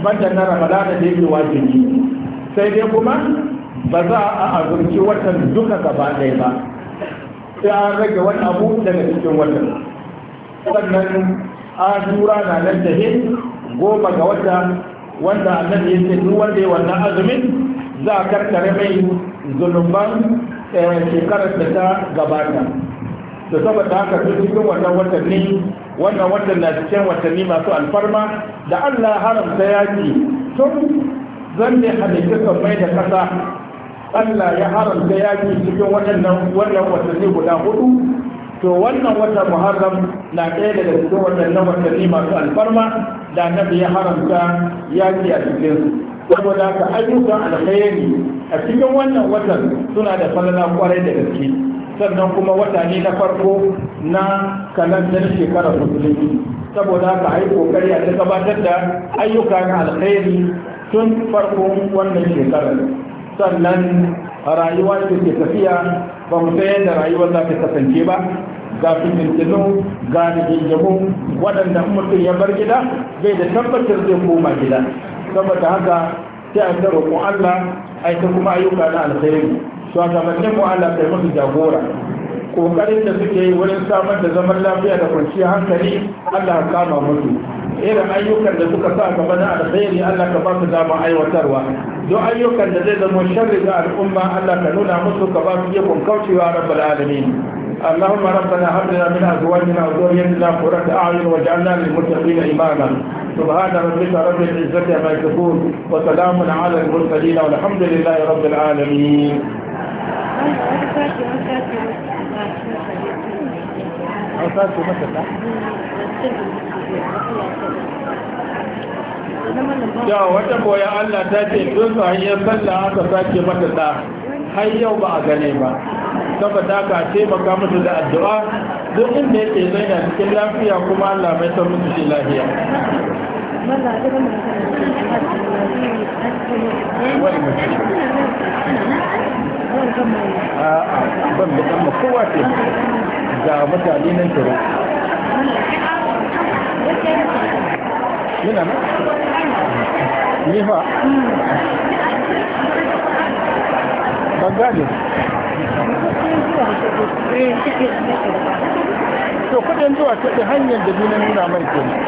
banda na ramadana da yake wajibi sai dai kuma ba za a azurci watan duka gaba ɗaya ba sai an rage wani abu daga cikin watan sannan azura na nan da hin goma ga wata wanda annabi ya ce duk wanda ya wannan azumin za a karkare mai zunuban eh, shekarar da ta gabata da saboda haka duk cikin wannan watan ne wannan wannan na cikin watanni masu alfarma da Allah haramta yaki tun zan da halitta mai da kasa Allah ya haramta yaki cikin waɗannan wannan watanni guda hudu to wannan wata muharram na ɗaya daga cikin waɗannan watanni masu alfarma da annabi ya haramta yaki a cikin su saboda ka ayyukan alkhairi a cikin wannan watan suna da falala kwarai da gaske sannan kuma wata ne na farko na kalandar shekarar musulunci saboda haka a yi kokari a gabatar da ayyukan alkhairi tun farkon wannan shekarar sannan rayuwa ce ke tafiya ba mu san yadda rayuwar za ta kasance ba ga fitintinu ga rigingimu waɗanda mutum ya bar gida bai da tabbatar zai koma gida saboda haka sai a roƙon allah a kuma ayyuka na alkhairi shugabannin mu Allah kai musu jagora kokarin da suke yi wurin samar da zaman lafiya da kwanciyar hankali Allah kama musu irin ayyukan da suka sa gaba na alkhairi Allah ka ba su dama aiwatarwa don ayyukan da zai zama sharri ga al'umma Allah ka nuna musu ka ba su ikon kaucewa rabbal alamin اللهم ربنا هب لنا من ازواجنا وذريتنا قرة اعين واجعلنا للمتقين اماما سبحان ربك رب العزة عما يصفون وسلام على المرسلين والحمد لله رب العالمين ya wata boyan Allah ta ce don su hanyar sallah aka sace mata ta har yau ba a gane ba saboda ka taimaka musu da addu'a duk inda yake zai cikin lafiya kuma Allah mai san musu shi lafiya ban bukan ma kowa ce ga mutane nan yana nan ne fa ban gane to kudin zuwa ta hanyar da nuna nuna mai kenan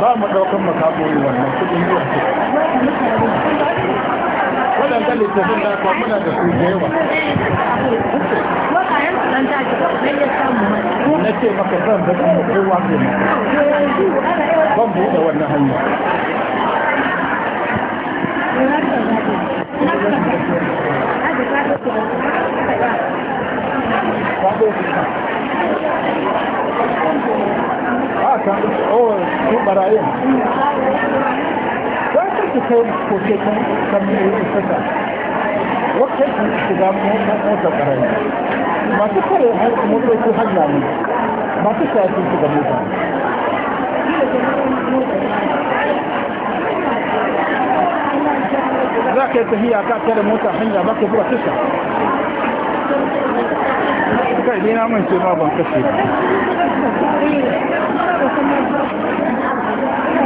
ba mu ɗaukan makamoyi wannan kudin zuwa waɗanda littafin da ba muna da su da yawa na ce maka zan da kuma kowa ke ban buɗe wannan hanya Ah, kan, oh, su barayin. duka ko sai kun san me yake saka wata kun shiga mota mota karami masu kare har motoci har masu kare sun shiga mota za ka yi tafiya ka tare mota hanya ba ka zuwa tasha kai ne na mance ma ban kashe ba